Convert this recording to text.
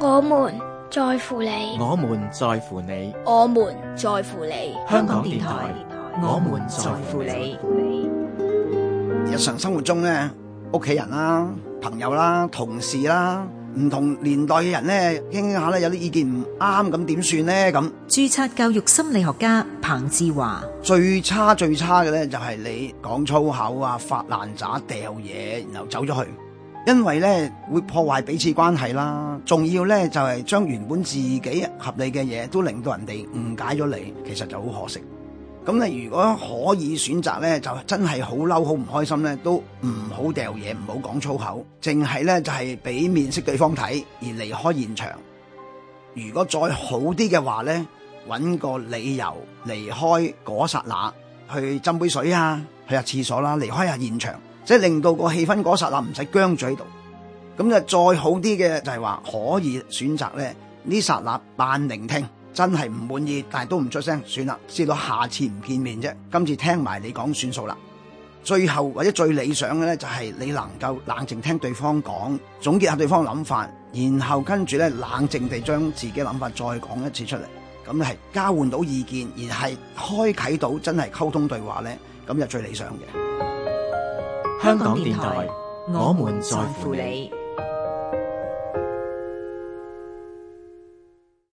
我們在乎你，我們在乎你，我們在乎你。香港電台，電台我們在乎你。日常生活中呢，屋企人啦、朋友啦、同事啦，唔同年代嘅人聊聊聊呢，傾下咧有啲意見唔啱，咁點算呢？咁註冊教育心理學家彭智華，最差最差嘅咧就係你講粗口啊，發爛渣，掉嘢，然後走咗去。因為咧會破壞彼此關係啦，仲要咧就係將原本自己合理嘅嘢，都令到人哋誤解咗你，其實就好可惜。咁你如果可以選擇咧，就真係好嬲、好唔開心咧，都唔好掉嘢，唔好講粗口，淨係咧就係俾面色對方睇而離開現場。如果再好啲嘅話咧，搵個理由離開嗰剎那。去斟杯水啊，去下廁所啦，離開下現場，即係令到個氣氛嗰剎那唔使僵住喺度。咁就再好啲嘅就係話可以選擇咧，呢剎那扮聆聽，真係唔滿意，但係都唔出聲，算啦，知到下次唔見面啫。今次聽埋你講算數啦。最後或者最理想嘅咧，就係你能夠冷靜聽對方講，總結下對方諗法，然後跟住咧冷靜地將自己諗法再講一次出嚟。咁係交換到意見，而係開啟到真係溝通對話咧，咁就最理想嘅。香港電台，我們在乎你。